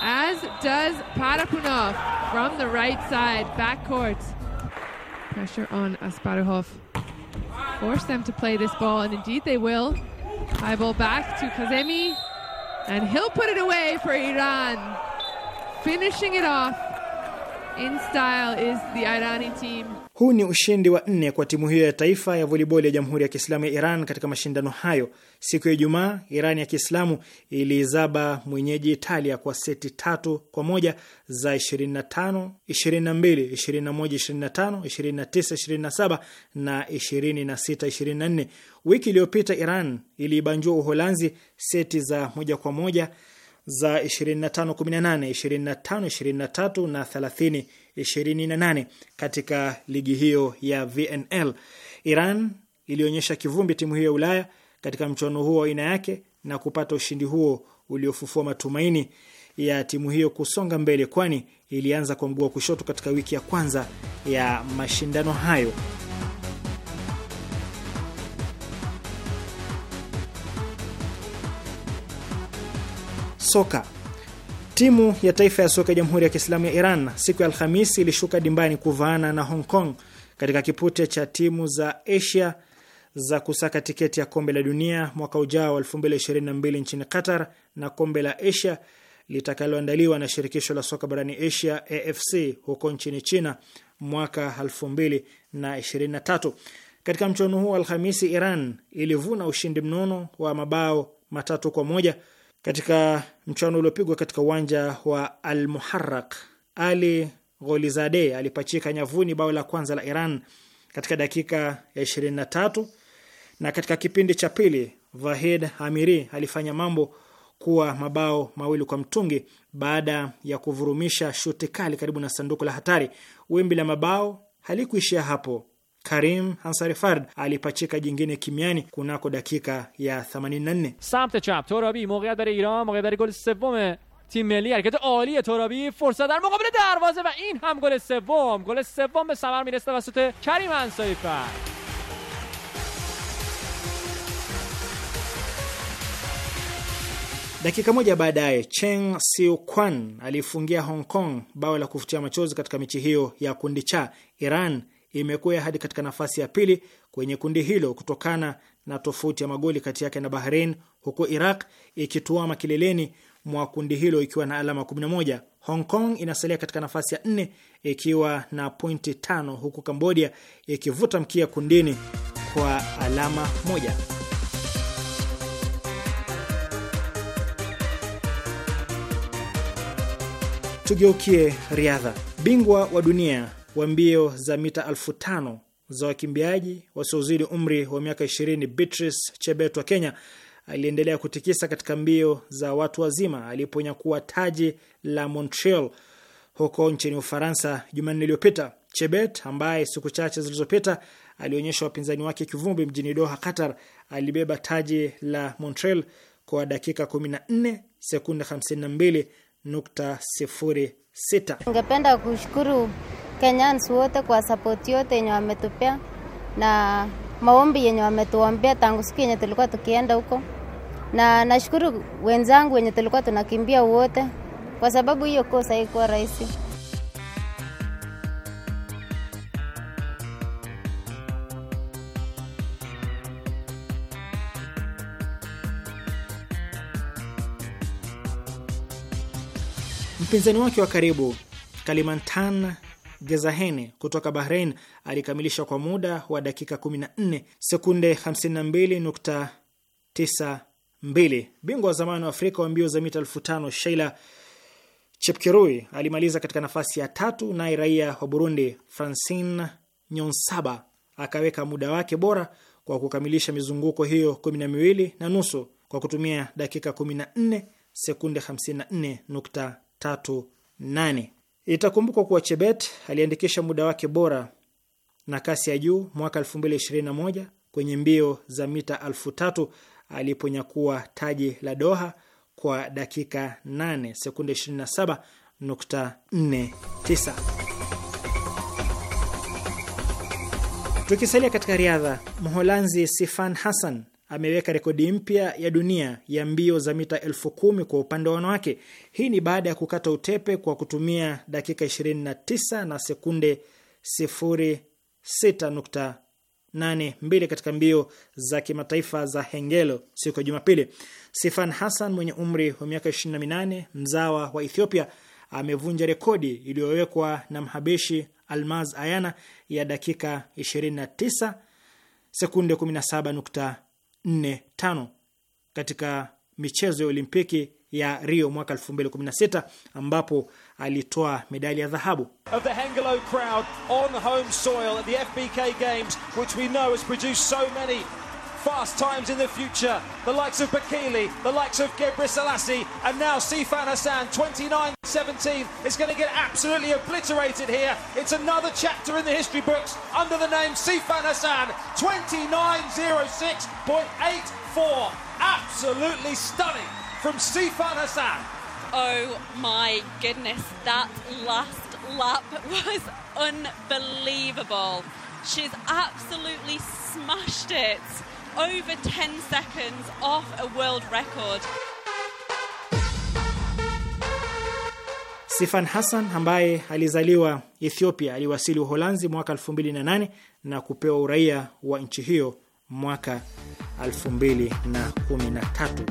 As does Parapunov from the right side, backcourt. Pressure on Asparuhov. Force them to play this ball, and indeed they will. High ball back to Kazemi, and he'll put it away for Iran. Finishing it off In style is the Irani team. Huu ni ushindi wa nne kwa timu hiyo ya taifa ya voliboli ya Jamhuri ya Kiislamu ya Iran katika mashindano hayo. Siku ya Ijumaa, Iran ya Kiislamu iliizaba mwenyeji Italia kwa seti tatu kwa moja za 25, 22, 21, 25, 29, 27 na 26, 24. Wiki iliyopita Iran iliibanjua Uholanzi seti za moja kwa moja za 25, 18, 25, na 30, 28 katika ligi hiyo ya VNL. Iran ilionyesha kivumbi timu hiyo ya Ulaya katika mchuano huo wa aina yake na kupata ushindi huo uliofufua matumaini ya timu hiyo kusonga mbele, kwani ilianza kwa mguu wa kushoto katika wiki ya kwanza ya mashindano hayo. soka. Timu ya taifa ya soka ya Jamhuri ya Kiislamu ya Iran siku ya Alhamisi ilishuka dimbani kuvaana na Hong Kong katika kipute cha timu za Asia za kusaka tiketi ya kombe la dunia mwaka ujao 2022 nchini Qatar na kombe la Asia litakaloandaliwa na shirikisho la soka barani Asia AFC huko nchini China mwaka 2023. Katika mchuano huo Alhamisi, Iran ilivuna ushindi mnono wa mabao matatu kwa moja katika mchuano uliopigwa katika uwanja wa Al Muharrak, Ali Gholizade alipachika nyavuni bao la kwanza la Iran katika dakika ya 23 na katika kipindi cha pili Vahid Amiri alifanya mambo kuwa mabao mawili kwa mtungi baada ya kuvurumisha shuti kali karibu na sanduku la hatari. Wimbi la mabao halikuishia hapo, Karim Fard alipachika jingine kimiani kunako dakika ya 84. chap e Torabi moqiyat موقعیت Iran moqiyat موقعیت gol گل tim تیم harakat ali Torabi ترابی dar در darvaze va in ham gol e sevom gol e sevom be samar ثمر میرسه Karim کریم Fard. Dakika moja baadaye Cheng Kwan alifungia Hong Kong bao la kufutia machozi katika mechi hiyo ya kundi cha. Iran imekuwa hadi katika nafasi ya pili kwenye kundi hilo kutokana na tofauti ya magoli kati yake na Bahrain, huku Iraq ikituama kileleni mwa kundi hilo ikiwa na alama 11. Hong Kong inasalia katika nafasi ya nne ikiwa na pointi tano, huku Kambodia ikivuta mkia kundini kwa alama moja. Tugeukie riadha. Bingwa wa dunia wa mbio za mita elfu tano za wakimbiaji wasiozidi umri wa miaka ishirini Beatrice Chebet wa Kenya aliendelea kutikisa katika mbio za watu wazima aliponyakua taji la Montreal huko nchini Ufaransa Jumanne iliyopita. Chebet ambaye siku chache zilizopita alionyesha wapinzani wake kivumbi mjini Doha, Qatar, alibeba taji la Montreal kwa dakika 14 sekunde 52.06. Ningependa kushukuru Kenyans wote kwa sapoti yote yenye wametupea na maombi yenye wametuombea tangu siku yenye tulikuwa tukienda huko, na nashukuru wenzangu wenye tulikuwa tunakimbia wote, kwa sababu hiyo kosa haikuwa rahisi. Mpinzani wake wa karibu Kalimantan Gezahene kutoka Bahrein alikamilisha kwa muda wa dakika 14 sekunde 52.92. Bingwa wa zamani wa Afrika wa mbio za mita elfu tano Sheila Chepkirui alimaliza katika nafasi ya tatu, naye raia wa Burundi Francine Nyonsaba akaweka muda wake bora kwa kukamilisha mizunguko hiyo kumi na miwili na nusu kwa kutumia dakika 14 sekunde 54.38. Itakumbukwa kuwa Chebet aliandikisha muda wake bora na kasi ya juu mwaka 2021 kwenye mbio za mita 3000 aliponyakua taji la Doha kwa dakika 8 sekunde 27.49. Tukisalia katika riadha, Mholanzi Sifan Hassan ameweka rekodi mpya ya dunia ya mbio za mita elfu kumi kwa upande wa wanawake. Hii ni baada ya kukata utepe kwa kutumia dakika 29 na sekunde 06.82 katika mbio za kimataifa za Hengelo siku ya Jumapili. Sifan Hassan mwenye umri wa miaka 28 mzawa wa Ethiopia amevunja rekodi iliyowekwa na Mhabeshi Almaz Ayana ya dakika 29 sekunde 17 5 katika michezo ya Olimpiki ya Rio mwaka 2016 ambapo alitoa medali ya dhahabu. Of the Hengelo crowd on home soil FBK Games which we know has produced so many fast times in the future. The likes of Bakili, the likes of Gebre Selassie, and now Sifan Hassan, 29-17, is going to get absolutely obliterated here. It's another chapter in the history books under the name Sifan Hassan, 29.06.84. Absolutely stunning from Sifan Hassan. Oh my goodness, that last lap <laughs> was unbelievable. She's absolutely smashed it. over 10 seconds off a world record. Sifan Hassan ambaye alizaliwa Ethiopia aliwasili Uholanzi mwaka 2008 na kupewa uraia wa nchi hiyo mwaka 2013.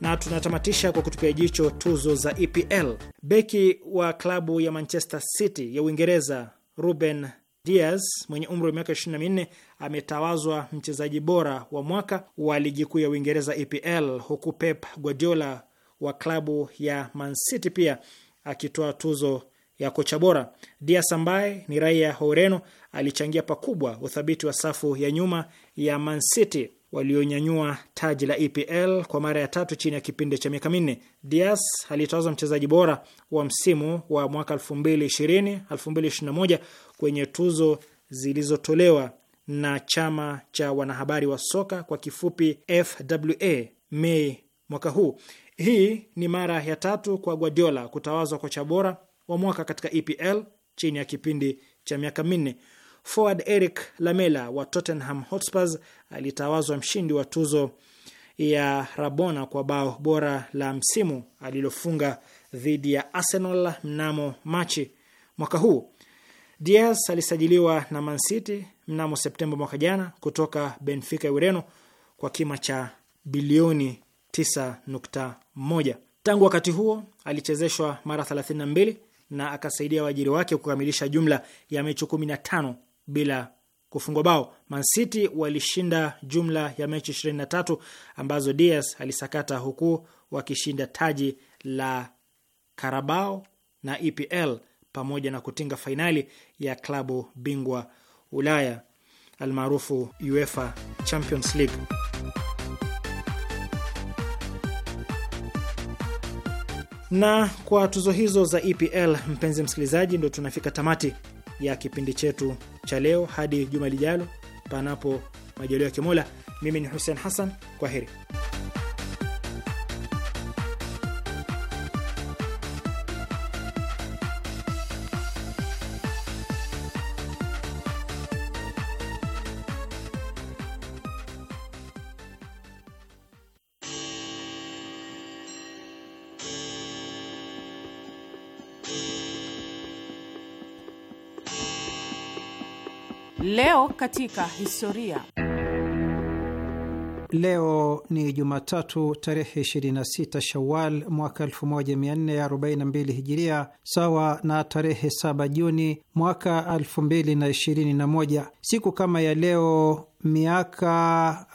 Na tunatamatisha kwa kutupia jicho tuzo za EPL. Beki wa klabu ya Manchester City ya Uingereza Ruben Diaz mwenye umri wa miaka 24 ametawazwa mchezaji bora wa mwaka wa ligi kuu ya Uingereza EPL, huku Pep Guardiola wa klabu ya Man City pia akitoa tuzo ya kocha bora. Diaz ambaye ni raia wa Ureno alichangia pakubwa uthabiti wa safu ya nyuma ya Man City walionyanyua taji la EPL kwa mara ya tatu chini ya kipindi cha miaka minne. Diaz alitawazwa mchezaji bora wa msimu wa mwaka 2020 2021 kwenye tuzo zilizotolewa na chama cha wanahabari wa soka kwa kifupi FWA Mei mwaka huu. Hii ni mara ya tatu kwa Guardiola kutawazwa kocha bora wa mwaka katika EPL chini ya kipindi cha miaka minne. Forward Eric Lamela wa Tottenham Hotspurs alitawazwa mshindi wa tuzo ya Rabona kwa bao bora la msimu alilofunga dhidi ya Arsenal mnamo Machi mwaka huu. Diaz alisajiliwa na Man City mnamo Septemba mwaka jana kutoka Benfica ya Ureno kwa kima cha bilioni 9.1. Tangu wakati huo alichezeshwa mara 32 na akasaidia waajiri wake kukamilisha jumla ya mechi 15 bila kufungwa bao. Man City walishinda jumla ya mechi 23 ambazo Diaz alisakata huku wakishinda taji la Carabao na EPL pamoja na kutinga fainali ya klabu bingwa Ulaya almaarufu UEFA Champions League. Na kwa tuzo hizo za EPL, mpenzi msikilizaji, ndio tunafika tamati ya kipindi chetu cha leo. Hadi juma lijalo, panapo majaliwa ya Kimola, mimi ni Hussein Hassan, kwa heri. Leo katika historia. Leo ni Jumatatu tarehe 26 Shawal mwaka 1442 Hijiria, sawa na tarehe 7 Juni mwaka 2021. Siku kama ya leo miaka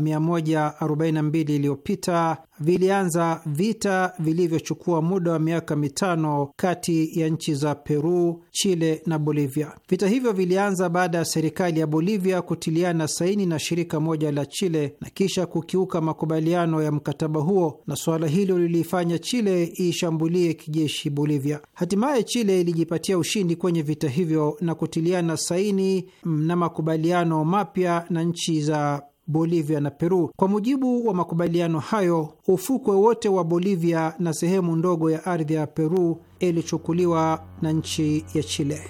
uh, 142 iliyopita vilianza vita vilivyochukua muda wa miaka mitano kati ya nchi za Peru, Chile na Bolivia. Vita hivyo vilianza baada ya serikali ya Bolivia kutiliana saini na shirika moja la Chile na kisha kukiuka makubaliano ya mkataba huo, na suala hilo lilifanya Chile iishambulie kijeshi Bolivia. Hatimaye Chile ilijipatia ushindi kwenye vita hivyo na kutiliana saini na makubaliano mapya na nchi za Bolivia na Peru. Kwa mujibu wa makubaliano hayo, ufukwe wote wa Bolivia na sehemu ndogo ya ardhi ya Peru ilichukuliwa na nchi ya Chile.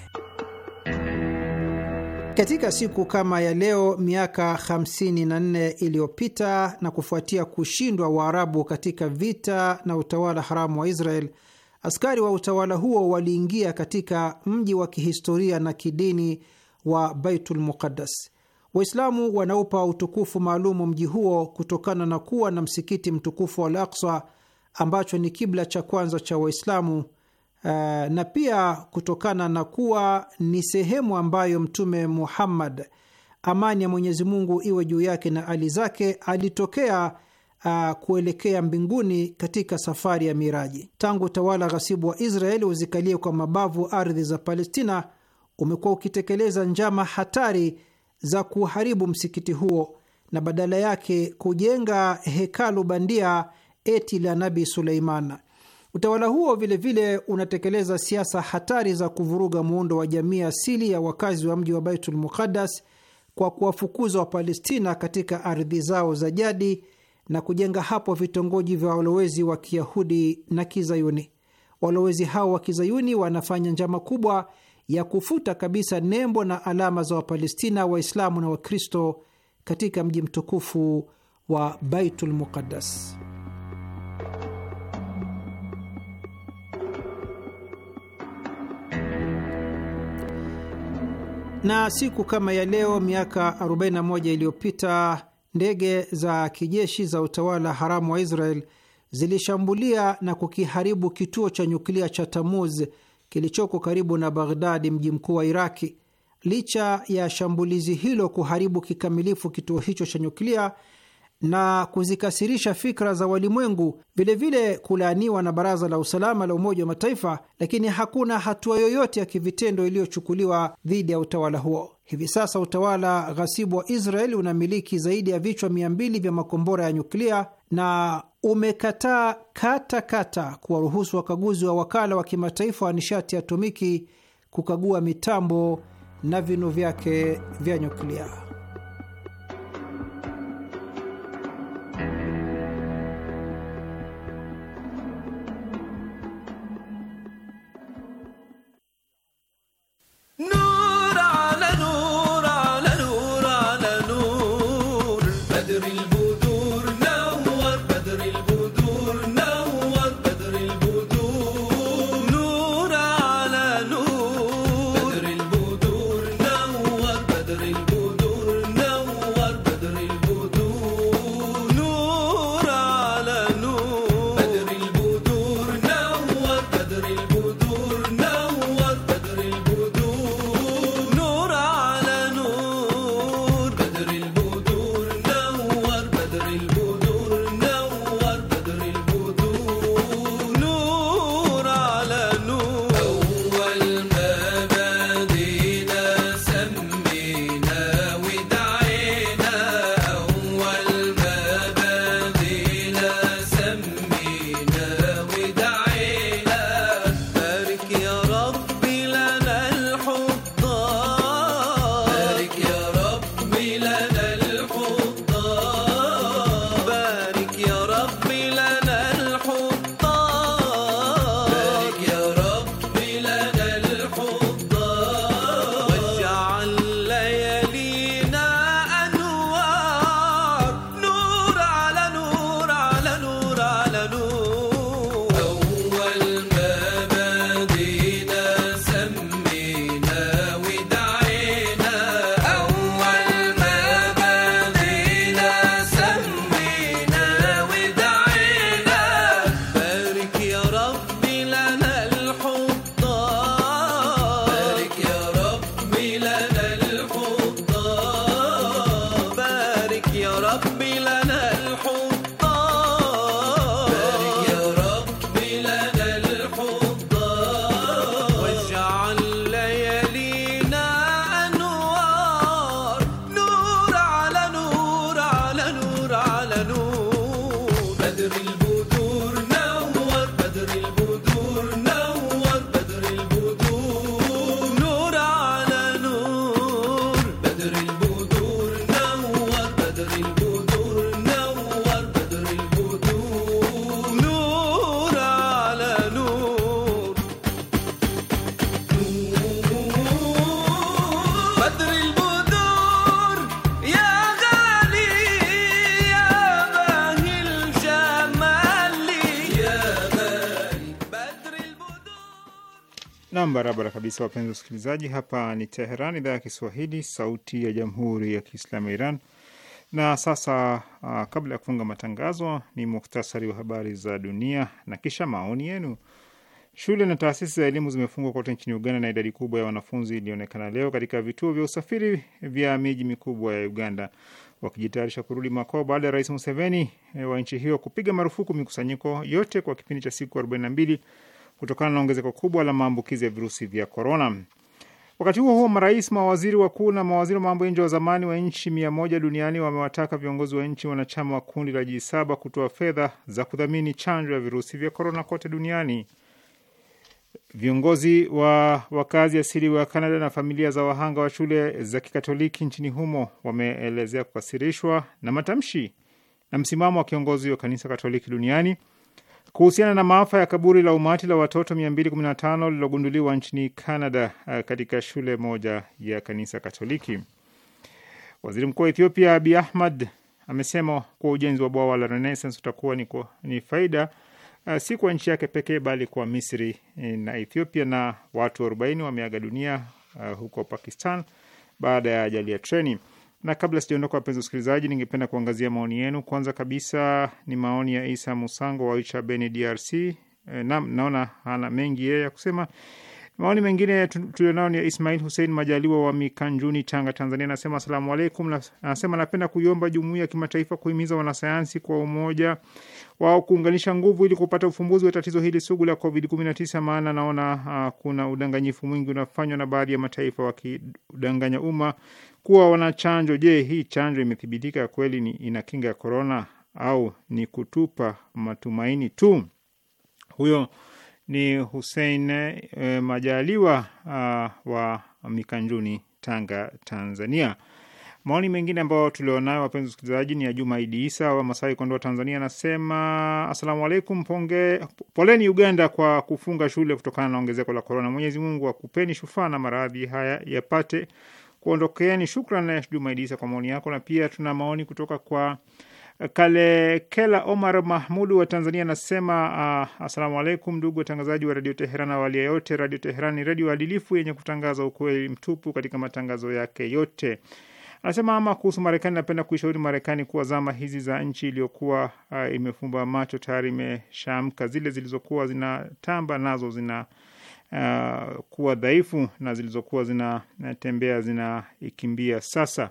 Katika siku kama ya leo miaka 54 iliyopita na kufuatia kushindwa Waarabu katika vita na utawala haramu wa Israel, askari wa utawala huo waliingia katika mji wa kihistoria na kidini wa Baitul Muqaddas. Waislamu wanaupa utukufu maalumu mji huo kutokana na kuwa na msikiti mtukufu wa Al-Aqsa ambacho ni kibla cha kwanza cha Waislamu eh, na pia kutokana na kuwa ni sehemu ambayo Mtume Muhammad, amani ya Mwenyezi Mungu iwe juu yake na ali zake, alitokea Uh, kuelekea mbinguni katika safari ya miraji. Tangu utawala ghasibu wa Israeli uzikalie kwa mabavu ardhi za Palestina, umekuwa ukitekeleza njama hatari za kuharibu msikiti huo na badala yake kujenga hekalu bandia eti la Nabi Suleiman. Utawala huo vilevile vile unatekeleza siasa hatari za kuvuruga muundo wa jamii asili ya wakazi wa mji wa Baitul Muqaddas kwa kuwafukuza Wapalestina katika ardhi zao za jadi na kujenga hapo vitongoji vya walowezi wa Kiyahudi na Kizayuni. Walowezi hao wa Kizayuni wanafanya njama kubwa ya kufuta kabisa nembo na alama za Wapalestina, Waislamu na Wakristo katika mji mtukufu wa Baitul Muqaddas. Na siku kama ya leo miaka 41 iliyopita ndege za kijeshi za utawala haramu wa Israel zilishambulia na kukiharibu kituo cha nyuklia cha Tamuz kilichoko karibu na Baghdadi, mji mkuu wa Iraki. Licha ya shambulizi hilo kuharibu kikamilifu kituo hicho cha nyuklia na kuzikasirisha fikra za walimwengu, vilevile kulaaniwa na Baraza la Usalama la Umoja wa Mataifa, lakini hakuna hatua yoyote ya kivitendo iliyochukuliwa dhidi ya utawala huo. Hivi sasa utawala ghasibu wa Israeli unamiliki zaidi ya vichwa mia mbili vya makombora ya nyuklia na umekataa kata kata kuwaruhusu wakaguzi wa wakala wa kimataifa wa nishati atomiki kukagua mitambo na vinu vyake vya nyuklia. kabisa wapenzi wasikilizaji, hapa ni Teheran, idhaa ya Kiswahili, sauti ya jamhuri ya kiislamu ya Iran. Na sasa uh, kabla ya kufunga matangazo, ni muktasari wa habari za dunia na kisha maoni yenu. Shule na taasisi za elimu zimefungwa kote nchini Uganda na idadi kubwa ya wanafunzi ilionekana leo katika vituo vya usafiri vya miji mikubwa ya Uganda wakijitayarisha kurudi makwao baada ya Rais Museveni eh, wa nchi hiyo kupiga marufuku mikusanyiko yote kwa kipindi cha siku 42 kutokana na ongezeko kubwa la maambukizi ya virusi vya korona. Wakati huo huo, marais, mawaziri wakuu na mawaziri wa mambo ya nje wa zamani wa nchi mia moja duniani wamewataka viongozi wa nchi wanachama wa kundi la jisaba kutoa fedha za kudhamini chanjo ya virusi vya korona kote duniani. Viongozi wa wakazi asili wa Kanada na familia za wahanga wa shule za kikatoliki nchini humo wameelezea kukasirishwa na matamshi na msimamo wa kiongozi wa kanisa Katoliki duniani kuhusiana na maafa ya kaburi la umati la watoto 215 lililogunduliwa nchini Canada eh, katika shule moja ya kanisa Katoliki. Waziri mkuu wa Ethiopia abi ahmad amesema kuwa ujenzi wa bwawa la Renaissance utakuwa ni, kwa, ni faida eh, si kwa nchi yake pekee bali kwa Misri eh, na Ethiopia. Na watu 40 wameaga dunia huko Pakistan baada ya ajali ya treni. Na kabla sijaondoka, wapenzi wasikilizaji, ningependa kuangazia maoni yenu. Kwanza kabisa ni maoni ya Isa Musango wa Icha Beni, DRC. E, eh, nam naona ana mengi yeye ya kusema Maoni mengine tulionao ni ya Ismail Hussein Majaliwa wa Mikanjuni, Tanga, Tanzania. Anasema asalamu alaikum. Anasema napenda kuiomba jumuiya ya kimataifa kuhimiza wanasayansi kwa umoja wao kuunganisha nguvu ili kupata ufumbuzi wa tatizo hili sugu la COVID-19, maana naona uh, kuna udanganyifu mwingi unafanywa na baadhi ya mataifa wakidanganya umma kuwa wana chanjo. Je, hii chanjo imethibitika kweli ni ina kinga ya korona au ni kutupa matumaini tu? Huyo ni Hussein e, Majaliwa a, ah, wa Mikanjuni, Tanga, Tanzania. Maoni mengine ambayo tulionayo wapenzi wasikilizaji ni ya Juma Idi Isa wa Masai Kondoa, Tanzania, anasema asalamu alaikum, ponge poleni Uganda kwa kufunga shule kutokana na ongezeko la korona. Mwenyezi Mungu akupeni shufaa na maradhi haya yapate kuondokeeni. Shukran Juma Idi Isa kwa maoni yako, na pia tuna maoni kutoka kwa Kalekela Omar Mahmudu wa Tanzania anasema uh, ah, asalamu alaikum ndugu watangazaji wa radio Teheran. Awali ya yote, Radio Teheran ni redio adilifu yenye kutangaza ukweli mtupu katika matangazo yake yote. Anasema ama kuhusu Marekani, napenda kuishauri Marekani kuwa zama hizi za nchi iliyokuwa uh, imefumba macho tayari imeshaamka. Zile zilizokuwa zinatamba nazo zina uh, kuwa dhaifu na zilizokuwa zinatembea zinaikimbia sasa.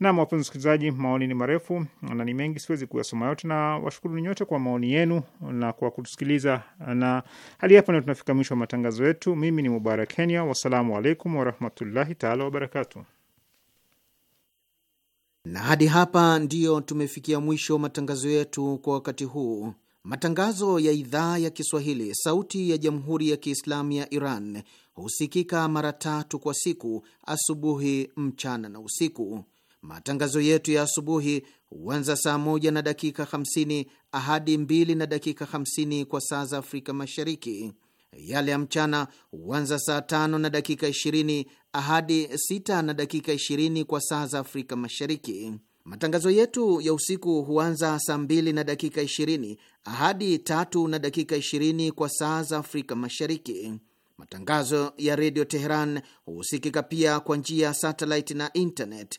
Nam, wapenzi msikilizaji, maoni ni marefu na ni mengi, siwezi kuyasoma yote, na washukuru ni nyote kwa maoni yenu na kwa kutusikiliza. Na hadi hapa ndio tunafika mwisho wa matangazo yetu. Mimi ni Mubarak Kenya, wassalamu alaikum warahmatullahi taala wabarakatu. Na hadi hapa ndiyo tumefikia mwisho wa matangazo yetu kwa wakati huu. Matangazo ya idhaa ya Kiswahili, sauti ya jamhuri ya Kiislamu ya Iran husikika mara tatu kwa siku: asubuhi, mchana na usiku Matangazo yetu ya asubuhi huanza saa moja na dakika 50 hadi 2 na dakika 50 kwa saa za Afrika Mashariki. Yale ya mchana huanza saa tano na dakika 20 ahadi sita na dakika 20 kwa saa za Afrika Mashariki. Matangazo yetu ya usiku huanza saa mbili na dakika 20 ahadi tatu na dakika 20 kwa saa za Afrika Mashariki. Matangazo ya Redio Teheran husikika pia kwa njia ya satellite na internet.